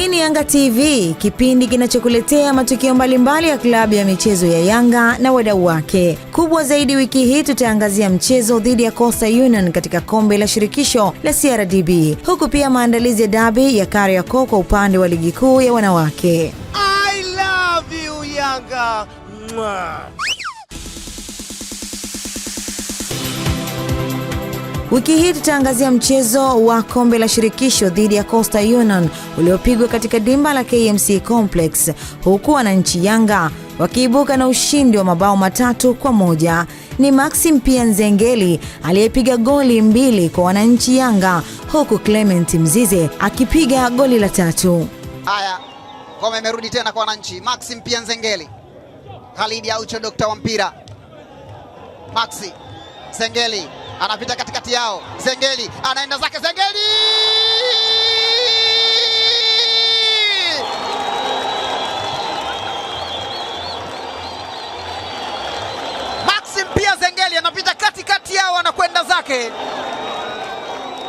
Hii ni Yanga TV, kipindi kinachokuletea matukio mbalimbali ya klabu ya michezo ya Yanga na wadau wake. Kubwa zaidi wiki hii tutaangazia mchezo dhidi ya Coastal Union katika kombe la shirikisho la CRDB, huku pia maandalizi ya dabi ya Kariakoo kwa upande wa ligi kuu ya wanawake. I love you, Yanga. Mwah. Wiki hii tutaangazia mchezo wa kombe la shirikisho dhidi ya costa Union uliopigwa katika dimba la KMC Complex, huku wananchi Yanga wakiibuka na ushindi wa mabao matatu kwa moja. Ni Maxim Pia Nzengeli aliyepiga goli mbili kwa wananchi Yanga, huku Clement Mzize akipiga goli la tatu. Haya, kome imerudi tena kwa wananchi. Maxim Pia Nzengeli, Khalid Aucho, dokta wa mpira Maxi Nzengeli anapita katikati yao. Zengeli anaenda zake, Zengeli Maxim pia Zengeli anapita katikati yao, anakwenda zake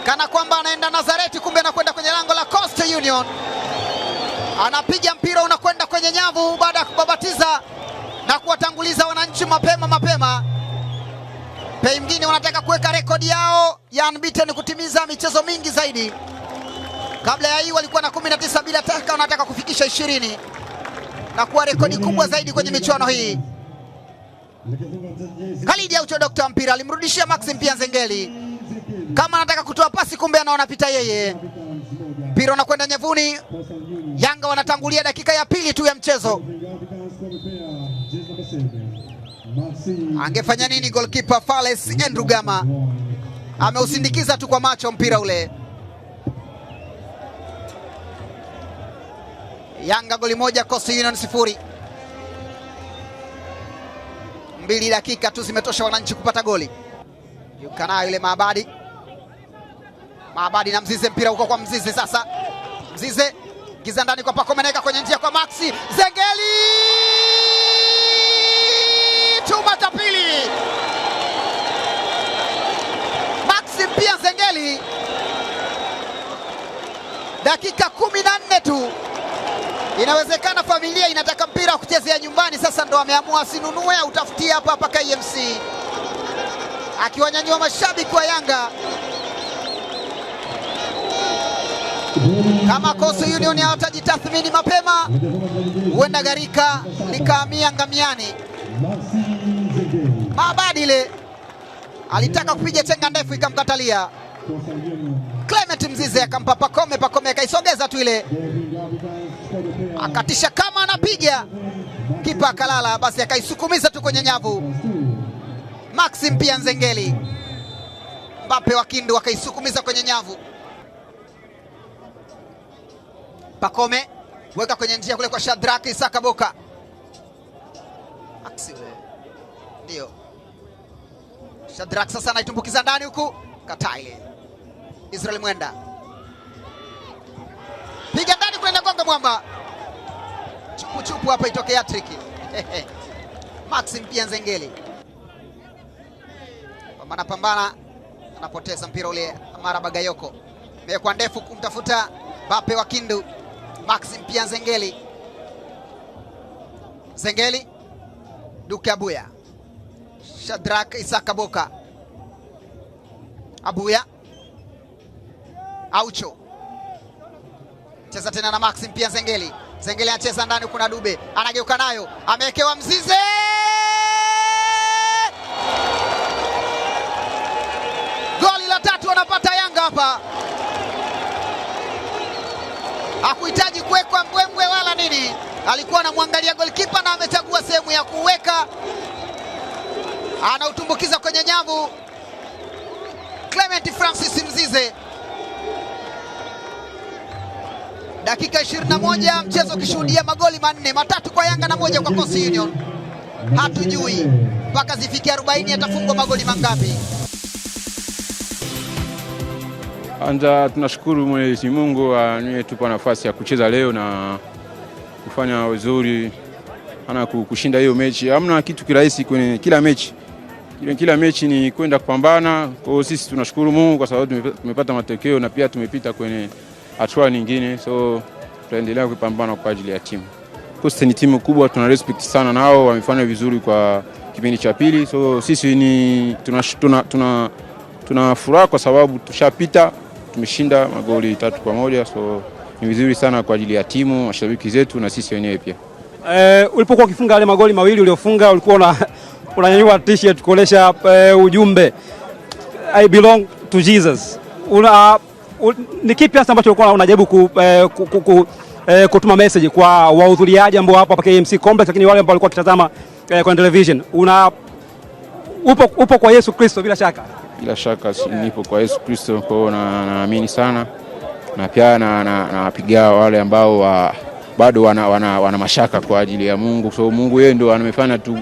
kana kwamba anaenda Nazareti, kumbe anakwenda kwenye lango la Coast Union. Anapiga mpira unakwenda kwenye nyavu, baada ya kubabatiza na kuwatanguliza wananchi mapema mapema. Pengine wanataka kuweka rekodi yao ya unbeaten kutimiza michezo mingi zaidi. Kabla ya hii walikuwa na 19 bila taka, wanataka kufikisha ishirini na kuwa rekodi kubwa zaidi kwenye michuano hii. Khalid Aucho dokta mpira alimrudishia Maxi Mpia Nzengeli, kama anataka kutoa pasi, kumbe anaona pita yeye, mpira unakwenda nyavuni. Yanga wanatangulia dakika ya pili tu ya mchezo. Angefanya nini goalkeeper Fales Andrew Gama? Ameusindikiza tu kwa macho mpira ule. Yanga goli moja, Coastal Union sifuri. Mbili dakika tu zimetosha wananchi kupata goli. Yukana yule Maabadi, Maabadi na Mzize, mpira huko kwa Mzize. Sasa Mzize giza ndani kwa pakomeneka kwenye njia kwa Maxi Zengeli chuma cha pili. Maxi pia Nzengeli, dakika kumi na nne tu. Inawezekana familia inataka mpira wa kuchezea nyumbani, sasa ndo ameamua asinunue, autafutie hapa hapa KMC, e akiwanyanyua mashabiki wa Yanga kama Coastal Union hawatajitathmini mapema, huenda gharika likaamia ngamiani. Abadi ile alitaka kupiga chenga ndefu ikamkatalia. Clement Mzize akampa Pakome, Pakome akaisogeza tu ile, akatisha kama anapiga kipa akalala, basi akaisukumiza tu kwenye nyavu. Maxim pia Nzengeli, Mbappe wa Kindu akaisukumiza kwenye nyavu. Pakome weka kwenye njia kule kwa Shadraki Isaka Boka, eh, ndio Shadrack sasa anaitumbukiza ndani huku, kataa ile. Israel Mwenda piga ndani kwenda gonga mwamba, chupuchupu hapa itokea hattrick. Maxim pia Nzengeli pambana pambana, anapoteza mpira ule. Amara Bagayoko mekwa ndefu kumtafuta Bape wa Kindu. Maxim pia Nzengeli, Nzengeli Duke Abuya Shadrack Isakaboka, Abuya, Aucho cheza tena na Maxi Mpia Zengeli. Zengeli anacheza ndani, kuna Dube anageuka nayo, amewekewa Mzize. Goli la tatu anapata Yanga hapa, hakuhitaji kuwekwa mbwembwe wala nini, alikuwa anamwangalia golikipa na amechagua sehemu ya kuweka anautumbukiza kwenye nyavu Clement Francis Mzize. Dakika 21 mchezo ukishuhudia magoli manne, matatu kwa Yanga na moja kwa Coastal Union. Hatujui mpaka zifikie 40 atafungwa magoli mangapi. Anza, tunashukuru Mwenyezi Mungu anayetupa nafasi ya kucheza leo na kufanya vizuri ana kushinda hiyo mechi. Hamna kitu kirahisi kwenye kila mechi, kila mechi ni kwenda kupambana. Kwa hiyo sisi tunashukuru Mungu kwa sababu tumepata matokeo na pia tumepita kwenye hatua nyingine, so tutaendelea kupambana kwa ajili ya timu. Costa ni timu kubwa, tuna respect sana nao, wamefanya vizuri kwa kipindi cha pili, so sisi ni tuna, tuna, tuna, tuna furaha kwa sababu tushapita, tumeshinda magoli tatu kwa moja, so ni vizuri sana kwa ajili ya timu, mashabiki zetu na sisi wenyewe pia. Eh, ulipokuwa ukifunga yale magoli mawili uliofunga ulikuwa una unanyanyua t-shirt kuonesha uh, ujumbe I belong to Jesus. Una, uh, ni kipi hasa ambacho ulikuwa unajaribu ku, uh, ku, ku, ku uh, kutuma message kwa wahudhuriaji ambao hapo hapa KMC Complex, lakini wale ambao walikuwa wakitazama uh, kwenye television una upo, upo kwa Yesu Kristo bila shaka? Bila shaka nipo kwa Yesu Kristo, kwa hiyo naamini na sana na pia nawapiga na, na wale ambao wa, ah, bado wana, wana, wana mashaka kwa ajili ya Mungu, kwa sababu so, Mungu yeye ndio amefanya tu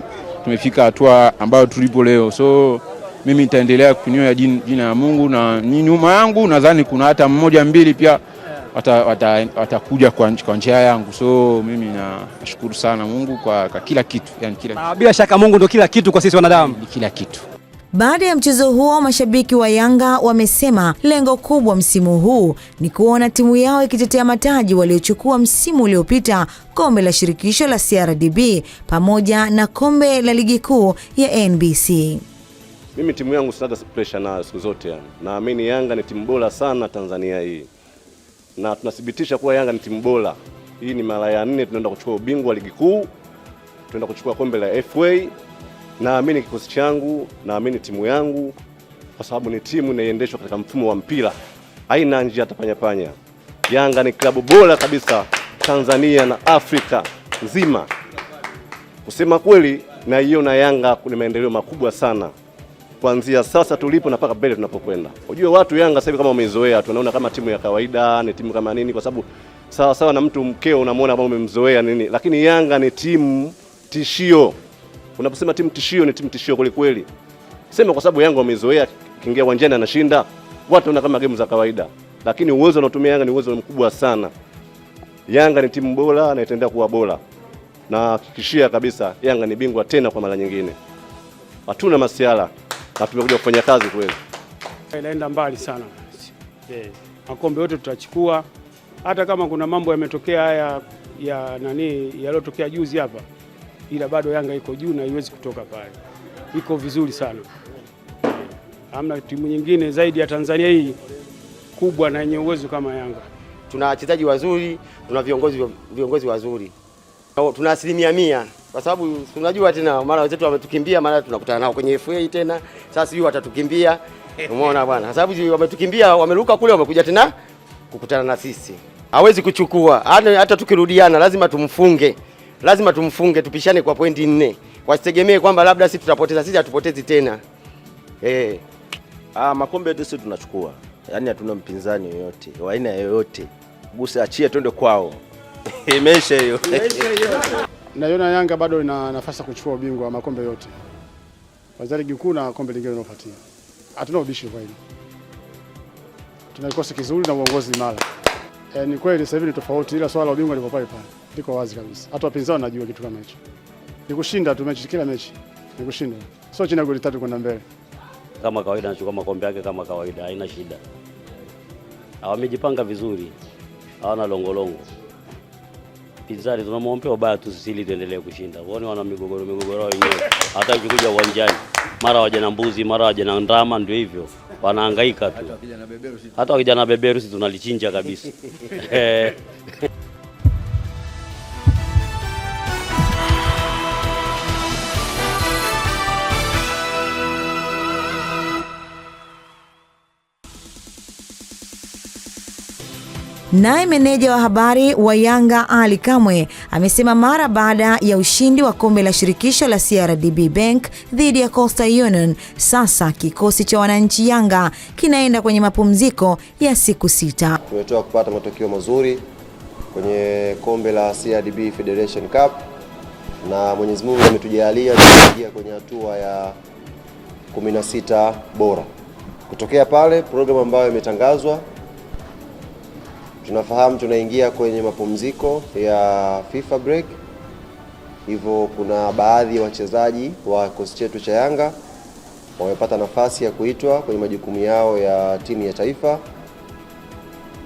tumefika hatua ambayo tulipo leo. So mimi nitaendelea kunyoa jina, ya Mungu na nyuma yangu nadhani kuna hata mmoja mbili pia watakuja wata, wata kwa njia yangu, so mimi nashukuru sana Mungu kwa, kwa kila kitu yani, kila kitu. Ah, bila shaka Mungu ndo kila kitu kwa sisi wanadamu, kila kitu. Baada ya mchezo huo, mashabiki wa Yanga wamesema lengo kubwa msimu huu ni kuona timu yao ikitetea mataji waliochukua msimu uliopita, kombe la shirikisho la CRDB pamoja na kombe la ligi kuu ya NBC. Mimi timu yangu sina pressure nayo siku zote, naamini Yanga ni timu bora sana Tanzania hii, na tunathibitisha kuwa Yanga ni timu bora. Hii ni mara ya nne tunaenda kuchukua ubingwa wa ligi kuu, tunaenda kuchukua kombe la FA Naamini kikosi changu, naamini timu yangu, kwa sababu ni timu inayoendeshwa katika mfumo wa mpira, haina njia tapanyapanya. Yanga ni klabu bora kabisa Tanzania na Afrika nzima. Kusema kweli, naiona Yanga kuna maendeleo makubwa sana kuanzia sasa tulipo na mpaka mbele tunapokwenda. Unajua watu Yanga sasa kama wamezoea, tunaona kama timu ya kawaida, ni timu kama nini, kwa sababu sawa sawa na mtu mkeo unamwona kama umemzoea nini, lakini Yanga ni timu tishio. Unaposema timu tishio, ni timu tishio kweli kweli, sema kwa sababu Yanga wamezoea kiingia uwanjani anashinda, watu wanaona kama game za kawaida, lakini uwezo anaotumia Yanga ni uwezo mkubwa sana. Yanga ni timu bora na itaendelea kuwa bora, na kikishia kabisa Yanga ni bingwa tena kwa mara nyingine. Hatuna masiala na tumekuja kufanya kazi kweli, inaenda mbali sana Makombe yote tutachukua, hata kama kuna mambo yametokea haya ya nani yaliyotokea juzi hapa ila bado Yanga iko juu na haiwezi kutoka pale, iko vizuri sana. Hamna timu nyingine zaidi ya Tanzania hii kubwa na yenye uwezo kama Yanga. Tuna wachezaji wazuri, tuna viongozi viongozi wazuri, tuna asilimia mia, kwa sababu tunajua tena, mara wenzetu wametukimbia, mara tunakutana nao kwenye FA tena, sasa sijui watatukimbia. Umeona bwana, kwa sababu wametukimbia, wameruka kule, wamekuja tena kukutana na sisi. Hawezi kuchukua hata tukirudiana, lazima tumfunge lazima tumfunge, tupishane kwa pointi nne, wasitegemee kwamba labda sisi tutapoteza. Sisi hatupotezi tena eh. Ah, makombe yote sisi tunachukua, yaani hatuna mpinzani yoyote wa aina yoyote. Guse achie twende kwao. Imeisha hiyo. Naiona Yanga bado ina nafasi ya kuchukua ubingwa wa makombe yote kwanza ligi kuu na kombe lingine linalofuatia. Hatuna ubishi kwa hili, tuna kikosi kizuri na uongozi imara. E, ni kweli sasa hivi ni tofauti, ila swala la ubingwa liko pale pale liko wazi kabisa, hata wapinzani wanajua kitu kama hicho. Ni kushinda tu mechi, kila mechi ni kushinda, sio chini ya goli tatu kwenda mbele. Kama kawaida, anachukua makombe yake kama kawaida, haina shida. Hawamejipanga vizuri, hawana longolongo. Pinzani tunamwombea ubaya tu sisi, ili tuendelee kushinda. Waone wana migogoro migogoro wenyewe, hata ikikuja uwanjani, mara waje na mbuzi, mara waje na ndama, ndio hivyo wanahangaika tu. Hata wakija na beberu sisi tunalichinja kabisa Naye meneja wa habari wa Yanga Ali Kamwe amesema mara baada ya ushindi wa kombe la shirikisho la CRDB Bank dhidi ya Coastal Union, sasa kikosi cha wananchi Yanga kinaenda kwenye mapumziko ya siku sita. Tumetoka kupata matokeo mazuri kwenye kombe la CRDB Federation Cup na Mwenyezi Mungu ametujalia kuingia kwenye hatua ya 16 bora. Kutokea pale programu ambayo imetangazwa Tunafahamu tunaingia kwenye mapumziko ya FIFA break, hivyo kuna baadhi ya wachezaji wa kikosi chetu cha Yanga wamepata nafasi ya kuitwa kwenye majukumu yao ya timu ya taifa.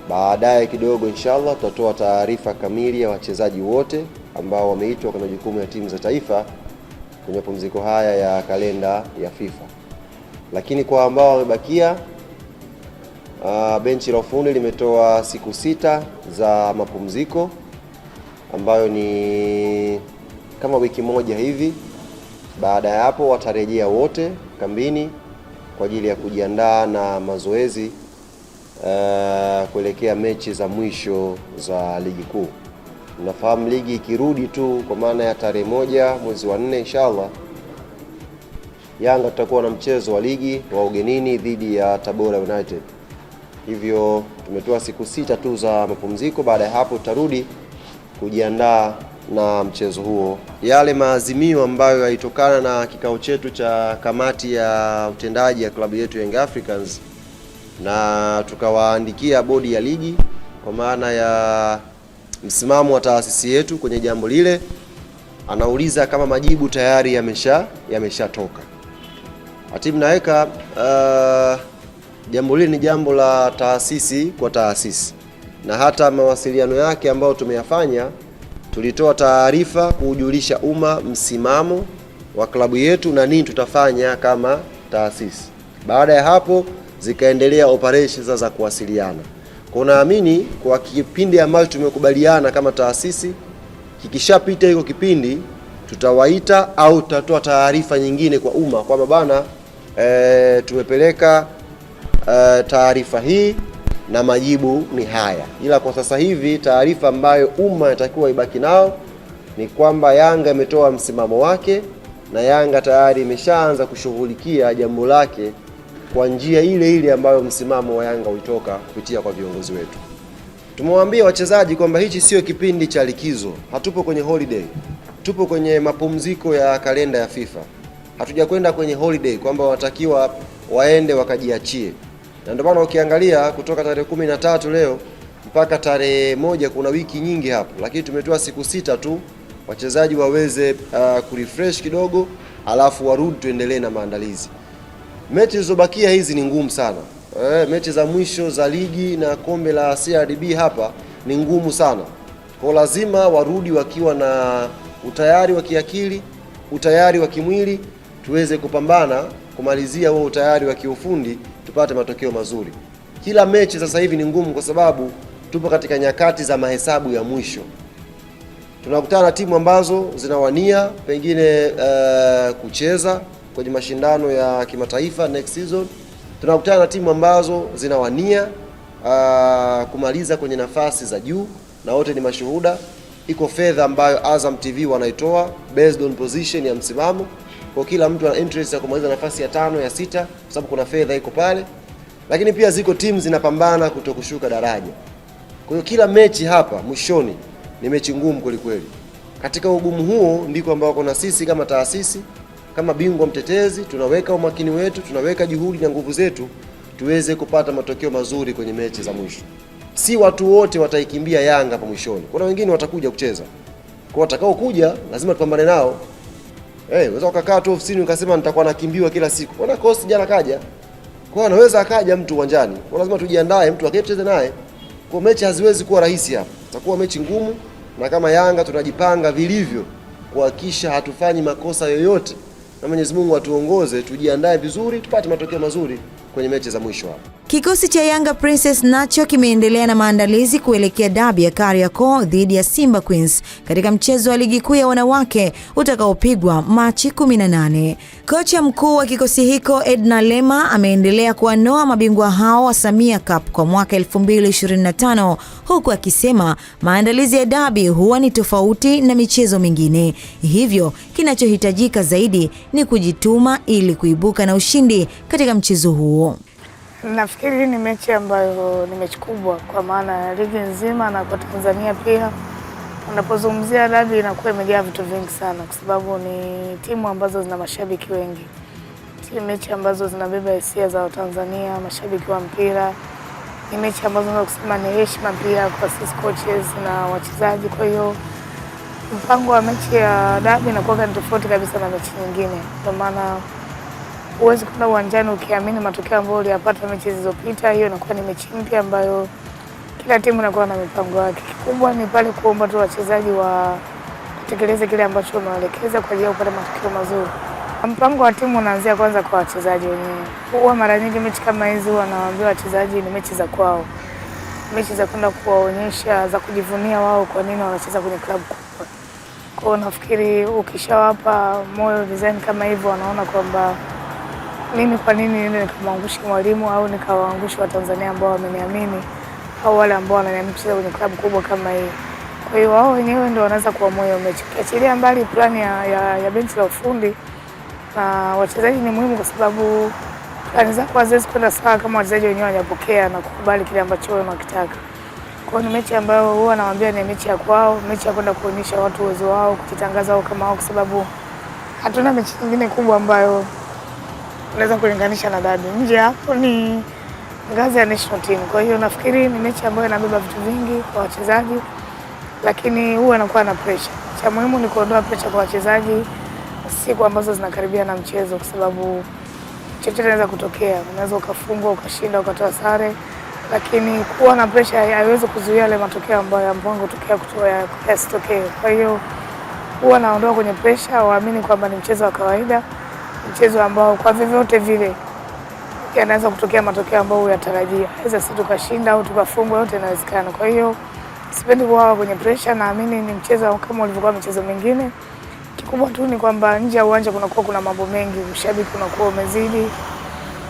Baadaye kidogo, inshallah tutatoa taarifa kamili ya wachezaji wote ambao wameitwa kwenye majukumu ya timu za taifa kwenye mapumziko haya ya kalenda ya FIFA, lakini kwa ambao wamebakia Uh, benchi la ufundi limetoa siku sita za mapumziko ambayo ni kama wiki moja hivi. Baada ya hapo watarejea wote kambini kwa ajili ya kujiandaa na mazoezi uh, kuelekea mechi za mwisho za ligi kuu. Nafahamu ligi ikirudi tu kwa maana ya tarehe moja mwezi wa nne inshallah Yanga tutakuwa na mchezo wa ligi wa ugenini dhidi ya Tabora United hivyo tumetoa siku sita tu za mapumziko. Baada ya hapo, tutarudi kujiandaa na mchezo huo. Yale maazimio ambayo yalitokana na kikao chetu cha kamati ya utendaji ya klabu yetu Young Africans, na tukawaandikia bodi ya ligi kwa maana ya msimamo wa taasisi yetu kwenye jambo lile. Anauliza kama majibu tayari yamesha yameshatoka. Hatimu naweka uh, Jambo hili ni jambo la taasisi kwa taasisi, na hata mawasiliano yake ambayo tumeyafanya, tulitoa taarifa kuujulisha umma msimamo wa klabu yetu na nini tutafanya kama taasisi. Baada ya hapo, zikaendelea operations za kuwasiliana. Kwa naamini kwa kipindi ambacho tumekubaliana kama taasisi, kikishapita hiko kipindi tutawaita au tutatoa taarifa nyingine kwa umma kwamba bana, e, tumepeleka uh, taarifa hii na majibu ni haya, ila kwa sasa hivi taarifa ambayo umma inatakiwa ibaki nao ni kwamba Yanga imetoa msimamo wake na Yanga tayari imeshaanza kushughulikia jambo lake kwa njia ile ile ambayo msimamo wa Yanga ulitoka kupitia kwa viongozi wetu. Tumewaambia wachezaji kwamba hichi sio kipindi cha likizo, hatupo kwenye holiday, tupo kwenye mapumziko ya kalenda ya FIFA. Hatujakwenda kwenye holiday kwamba watakiwa waende wakajiachie na ndio maana ukiangalia kutoka tarehe kumi na tatu leo mpaka tarehe moja kuna wiki nyingi hapo, lakini tumetoa siku sita tu wachezaji waweze uh, kurefresh kidogo, alafu warudi tuendelee na maandalizi. Mechi zilizobakia hizi ni ngumu sana eh, mechi za mwisho za ligi na kombe la CRDB hapa ni ngumu sana kwa lazima warudi wakiwa na utayari wa kiakili, utayari wa kimwili tuweze kupambana kumalizia huo utayari wa kiufundi tupate matokeo mazuri. Kila mechi sasa hivi ni ngumu, kwa sababu tupo katika nyakati za mahesabu ya mwisho. Tunakutana na timu ambazo zinawania pengine uh, kucheza kwenye mashindano ya kimataifa next season. Tunakutana na timu ambazo zinawania uh, kumaliza kwenye nafasi za juu, na wote ni mashuhuda. Iko fedha ambayo Azam TV wanaitoa based on position ya msimamo kwa kila mtu ana interest ya kumaliza nafasi ya tano ya sita, kwa sababu kuna fedha iko pale, lakini pia ziko timu zinapambana kutokushuka daraja. Kwa hiyo kila mechi hapa mwishoni ni mechi ngumu kwelikweli. Katika ugumu huo ndiko ambako na sisi kama taasisi kama bingwa mtetezi tunaweka umakini wetu, tunaweka juhudi na nguvu zetu tuweze kupata matokeo mazuri kwenye mechi za mwisho. Si watu wote wataikimbia Yanga hapa mwishoni, kuna wengine watakuja kucheza kwa watakao kuja, lazima tupambane nao. Hey, eh, unaweza ukakaa tu ofisini ukasema nitakuwa nakimbiwa kila siku. Bwana Coast jana kaja. Kwa anaweza akaja mtu uwanjani. Kwa lazima tujiandae mtu akacheze naye. Kwa mechi haziwezi kuwa rahisi hapa. Itakuwa mechi ngumu na kama Yanga tunajipanga vilivyo kuhakikisha hatufanyi makosa yoyote. Na Mwenyezi Mungu atuongoze, tujiandae vizuri, tupate matokeo mazuri kwenye mechi za mwisho hapo. Kikosi cha Yanga Princess nacho kimeendelea na maandalizi kuelekea dabi ya Kariakoo dhidi ya Simba Queens katika mchezo wa ligi kuu ya wanawake utakaopigwa Machi 18. Kocha mkuu wa kikosi hiko Edna Lema ameendelea kuwanoa mabingwa hao wa Samia Cup kwa mwaka 2025 huku akisema maandalizi ya dabi huwa ni tofauti na michezo mingine, hivyo kinachohitajika zaidi ni kujituma ili kuibuka na ushindi katika mchezo huo. Nafikiri hii ni mechi ambayo ni mechi kubwa kwa maana ya ligi nzima na kwa Tanzania pia. Unapozungumzia dabi inakuwa imejaa vitu vingi sana, kwa sababu ni timu ambazo zina mashabiki wengi, ni mechi ambazo zinabeba hisia za Watanzania, mashabiki wa mpira. Ni mechi ambazo naweza kusema ni heshima pia kwa sisi coaches na wachezaji. Kwa hiyo mpango wa mechi ya dabi inakuwa ni tofauti kabisa na mechi nyingine, kwa maana huwezi kwenda uwanjani ukiamini matokeo ambayo uliyapata mechi zilizopita. Hiyo inakuwa ni mechi mpya ambayo kila timu inakuwa na mipango yake. Kikubwa ni pale kuomba tu wachezaji wa watekeleze kile ambacho unaelekeza kwa ajili ya kupata matokeo mazuri. Mpango wa timu unaanzia kwanza kwa wachezaji wenyewe. Huwa mara nyingi mechi kama hizi wanawaambia wachezaji ni mechi za kwao, mechi za kwenda kuwaonyesha, za kujivunia wao kwa nini wanacheza kwenye klabu kubwa. Kwao nafikiri ukishawapa moyo design kama hivyo, wanaona kwamba nini, kwa nini niende nikamwangushi mwalimu au nikawaangushi Watanzania ambao wameniamini au wale ambao wananiamini kucheza kwenye klabu kubwa kama hii. Kwa hiyo wao wenyewe ndio wanaweza kuamua hiyo mechi. Kiachilia mbali plani ya, ya, ya benchi la ufundi na wachezaji ni muhimu, kwa sababu plani zako haziwezi kwenda sawa kama wachezaji wenyewe wanapokea na kukubali kile ambacho wanakitaka. Kwa hiyo ni mechi ambayo huwa nawaambia ni mechi ya kwao, mechi ya kwenda kuonyesha watu uwezo wao, kujitangaza wao kama wao, kwa sababu hatuna mechi nyingine kubwa ambayo unaweza kulinganisha na dabi. Nje hapo ni ngazi ya national team, kwa hiyo nafikiri ni mechi ambayo inabeba vitu vingi kwa wachezaji, lakini huwa anakuwa na pressure. Cha muhimu ni kuondoa pressure kwa wachezaji siku ambazo zinakaribia na mchezo, kwa sababu chochote inaweza kutokea. Unaweza ukafungwa, ukashinda, ukatoa sare, lakini kuwa na pressure haiwezi kuzuia yale matokeo ambayo ambango tokea kutoa yasitokee. Kwa hiyo huwa naondoa kwenye pressure, waamini kwamba ni mchezo wa kawaida mchezo ambao kwa vyovyote vile yanaweza kutokea matokeo ambayo huyatarajia, aweza si tukashinda au tukafungwa, yote inawezekana. Kwa hiyo sipendi kuwawa kwenye presha, naamini ni mchezo kama ulivyokuwa michezo mingine. Kikubwa tu ni kwamba nje ya uwanja kunakuwa kuna mambo mengi, ushabiki unakuwa umezidi,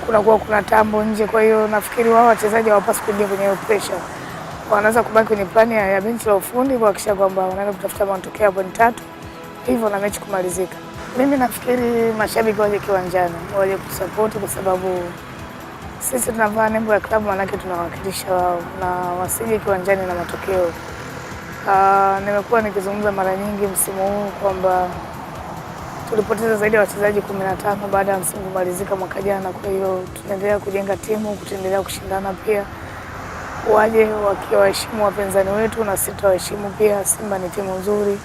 kunakuwa kuna tambo nje. Kwa hiyo nafikiri wao wachezaji hawapaswi kuingia kwenye hiyo presha, wanaweza kubaki kwenye plani ya benchi la ufundi kuhakikisha kwamba wanaenda kutafuta matokeo ya pointi tatu, hivyo na mechi kumalizika. Mimi nafikiri mashabiki waje kiwanjani, waje kusapoti kwa sababu sisi tunavaa nembo ya klabu, maanake tunawakilisha wao, na wasije kiwanjani na matokeo. Uh, nimekuwa nikizungumza mara nyingi msimu huu kwamba tulipoteza zaidi ya wachezaji kumi na tano baada ya msimu kumalizika mwaka jana. Kwa hiyo tunaendelea kujenga timu, kutendelea kushindana pia, waje wakiwaheshimu wapinzani wetu na sisi tutawaheshimu pia. Simba ni timu nzuri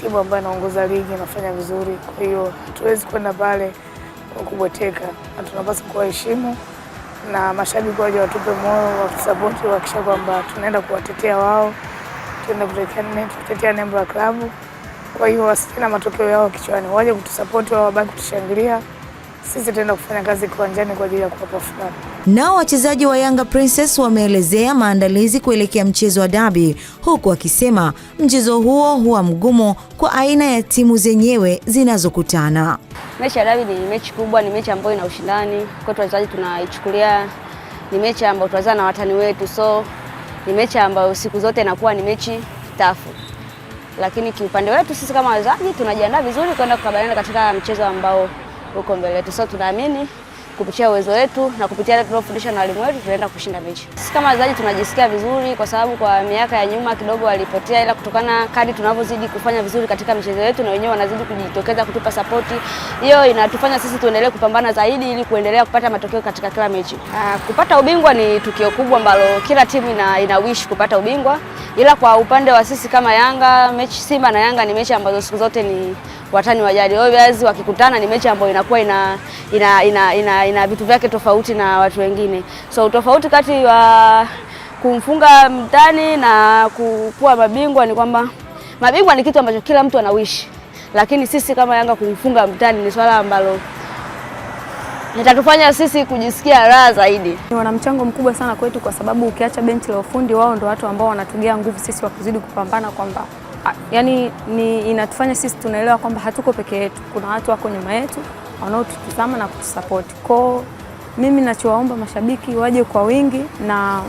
timu ambayo inaongoza ligi inafanya vizuri, kwa hiyo hatuwezi kwenda pale kubweteka, na tunapaswa kuwaheshimu na mashabiki waje watupe moyo wa kusapoti, wakisha kwamba tunaenda kuwatetea wao, tuenda kutetea nembo ya klabu. Kwa hiyo wasikie na matokeo yao kichwani, waje kutusapoti wao, wabaki kutushangilia sisi tutaenda kufanya kazi kiwanjani kwa ajili ya kuwapa furaha. Nao wachezaji wa Yanga Princess wameelezea maandalizi kuelekea mchezo wa dabi, huku wakisema mchezo huo huwa mgumu kwa aina ya timu zenyewe zinazokutana. Mechi ya dabi ni mechi kubwa, ni mechi ambayo ina ushindani kwetu, wachezaji tunaichukulia ni mechi ambayo tunacheza na watani wetu, so ni mechi ambayo siku zote inakuwa ni mechi tafu, lakini kiupande wetu sisi kama wachezaji tunajiandaa vizuri kwenda kukabiliana katika mchezo ambao huko mbele yetu. So tunaamini kupitia uwezo wetu na kupitia ile tunayofundisha na walimu wetu tunaenda kushinda mechi. Sisi kama wachezaji tunajisikia vizuri kwa sababu kwa miaka ya nyuma kidogo walipotea, ila kutokana kadi tunavyozidi kufanya vizuri katika michezo yetu na wenyewe wanazidi kujitokeza kutupa sapoti, hiyo inatufanya sisi tuendelee kupambana zaidi ili kuendelea kupata matokeo katika kila mechi. Aa, ah, kupata ubingwa ni tukio kubwa ambalo kila timu ina, ina wish kupata ubingwa, ila kwa upande wa sisi kama Yanga mechi Simba na Yanga ni mechi ambazo siku zote ni watani wajali. Wao Bears wakikutana ni mechi ambayo inakuwa ina ina, ina, ina, ina vitu vyake tofauti na watu wengine, so tofauti kati ya kumfunga mtani na kuwa mabingwa ni kwamba mabingwa ni kitu ambacho kila mtu anawishi, lakini sisi kama Yanga kumfunga mtani ni swala ambalo litatufanya sisi kujisikia raha zaidi. Wana mchango mkubwa sana kwetu, kwa sababu ukiacha benchi la ufundi, wao ndio watu ambao wanatugea nguvu sisi wa kuzidi kupambana kwamba Ah, yani ni inatufanya sisi tunaelewa kwamba hatuko peke yetu, kuna watu wako nyuma yetu wanaotutazama na kutusapoti. Kwa mimi nachowaomba mashabiki waje kwa wingi na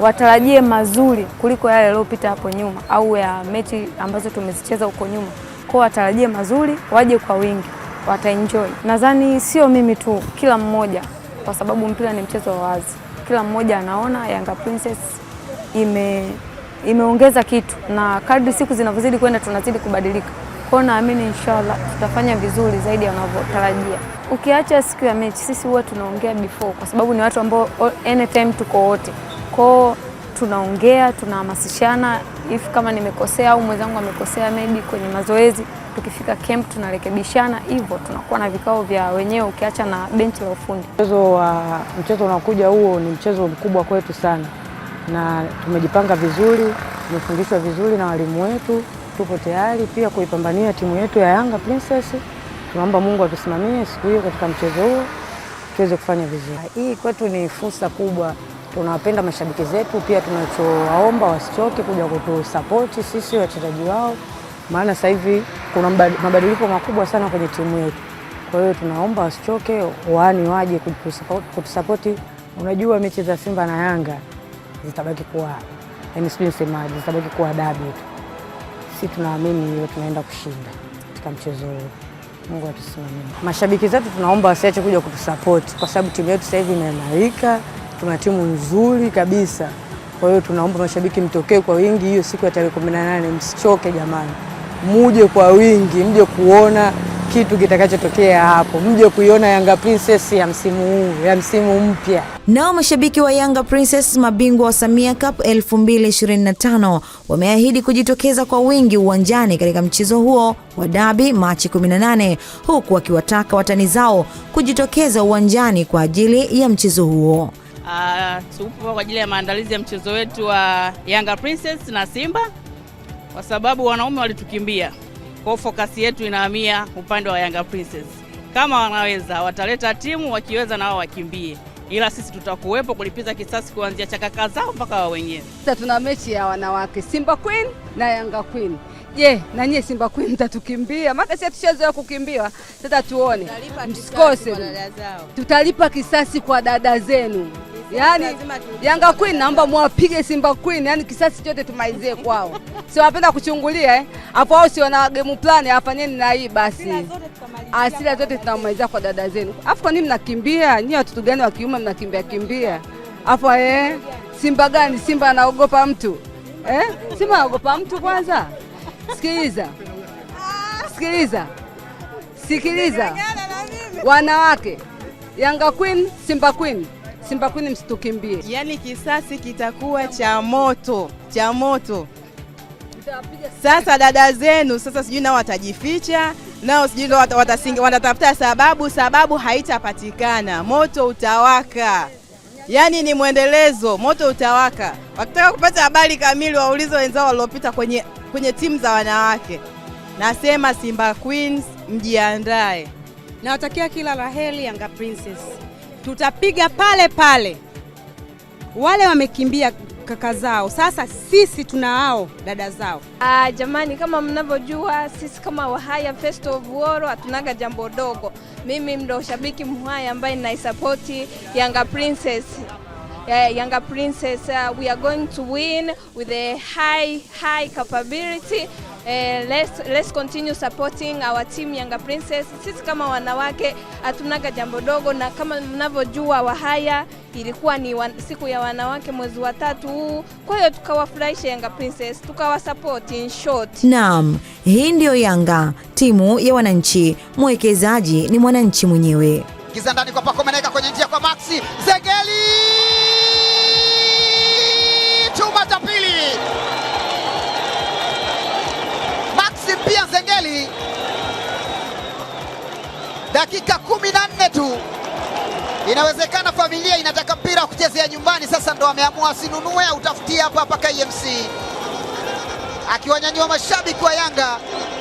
watarajie mazuri kuliko yale yaliyopita hapo nyuma au ya mechi ambazo tumezicheza huko nyuma. Kwa watarajie mazuri, waje kwa wingi, wataenjoy. Nadhani sio mimi tu, kila mmoja, kwa sababu mpira ni mchezo wa wazi. Kila mmoja anaona Yanga Princess ime imeongeza kitu, na kadri siku zinavyozidi kwenda tunazidi kubadilika. Kwa hiyo naamini inshallah tutafanya vizuri zaidi ya wanavyotarajia. Ukiacha siku ya mechi, sisi huwa tunaongea before, kwa sababu ni watu ambao anytime tuko wote kwao, tunaongea tunahamasishana, if kama nimekosea au mwenzangu amekosea maybe kwenye mazoezi, tukifika camp tunarekebishana, hivyo tunakuwa na vikao vya wenyewe, ukiacha na benchi la ufundi. Mchezo wa mchezo unakuja huo ni mchezo mkubwa kwetu sana na tumejipanga vizuri, tumefundishwa vizuri na walimu wetu. Tupo tayari pia kuipambania timu yetu ya Yanga Princess. Tunaomba Mungu atusimamie siku hiyo katika mchezo huo tuweze kufanya vizuri. Hii kwetu ni fursa kubwa, tunawapenda mashabiki zetu, pia tunachowaomba wasichoke kuja kutusapoti sisi wachezaji wao, maana sasa hivi kuna mabadiliko makubwa sana kwenye timu yetu. Kwa hiyo tunaomba wasichoke, waani waje kutusapoti. Unajua mechi za Simba na Yanga zitabaki kuwa yani, sijui nisemaje, zitabaki kuwa dabi tu. Si tunaamini hiyo, tunaenda kushinda katika mchezo huu. Mungu atusimamie. Mashabiki zetu tunaomba wasiache kuja kutusapoti kwa sababu timu yetu sasa hivi imeimarika, tuna timu nzuri kabisa. Kwa hiyo tunaomba mashabiki mtokee kwa wingi hiyo siku ya tarehe 18, msichoke jamani, muje kwa wingi, mje kuona kitu kitakachotokea hapo, mje kuiona Yanga Princess ya msimu huu, ya msimu mpya. Nao mashabiki wa Yanga Princess mabingwa wa Samia Cup 2025 wameahidi kujitokeza kwa wingi uwanjani katika mchezo huo wa dabi Machi 18 huku wakiwataka watani zao kujitokeza uwanjani kwa ajili ya mchezo huo. Uh, kwa ajili ya maandalizi ya mchezo wetu wa Yanga Princess na Simba kwa sababu wanaume walitukimbia. Kwa fokasi yetu inahamia upande wa Yanga Princess. Kama wanaweza wataleta timu, wakiweza na wao wakimbie, ila sisi tutakuwepo kulipiza kisasi kuanzia chakaka zao mpaka wao wenyewe. Sasa tuna mechi ya wanawake Simba Queen na Yanga Queen. Je, na nyie Simba Queen mtatukimbia? Maana sisi tushazoea kukimbiwa. Sasa tuone, msikose, tutalipa kisasi kwa dada zenu. Yaani Yanga Queen naomba mwapige Simba Queen, yaani kisasi chote tumalizie kwao. Si wanapenda kuchungulia eh? Hapo wao si wana game plan, hafanyeni na hii basi. Asila zote tunamalizia kwa dada zenu. Afu kwa nini mnakimbia? Nyie watoto gani wa kiume mnakimbia kimbia? Afu eh? Simba gani? Simba anaogopa mtu? Eh? Simba anaogopa mtu kwanza? Ah. Sikiliza, sikiliza, sikiliza, wanawake Yanga Queen, Simba Queen, Simba Queen, msitukimbie. Yaani kisasi kitakuwa cha moto cha moto. Sasa dada zenu sasa, sijui nao watajificha nao, sijui watatafuta sababu, sababu haitapatikana, moto utawaka. Yaani ni mwendelezo, moto utawaka. Wakitaka kupata habari kamili, waulize wenzao waliopita kwenye kwenye timu za wanawake. Nasema Simba Queens mjiandae. Nawatakia kila la heri Yanga Princess. Tutapiga pale pale. Wale wamekimbia kaka zao, sasa sisi tuna hao dada zao. Ah, jamani, kama mnavyojua sisi kama Wahaya of Vuoro hatunaga jambo dogo. Mimi ndo shabiki Mhaya ambaye ninaisapoti Yanga Princess uh, younger Princess uh, we are going to win with a high high capability uh, let's, let's continue supporting our team younger Princess. Sisi kama wanawake hatunaga jambo dogo, na kama mnavyojua Wahaya ilikuwa ni wan, siku ya wanawake mwezi wa tatu huu, kwa hiyo tukawafurahisha Yanga Princess, tukawasupport in short. Naam, hii ndiyo Yanga, timu ya wananchi, mwekezaji ni mwananchi mwenyewe. kizandani kwa pako anaweka kwenye njia kwa Maxi Zegeli Zengeli, Maxi pia Zengeli, dakika kumi na nne tu. Inawezekana familia inataka mpira wa kuchezea nyumbani, sasa ndo ameamua asinunue, autafutie hapa hapa KMC, e akiwanyanyua mashabiki wa Yanga.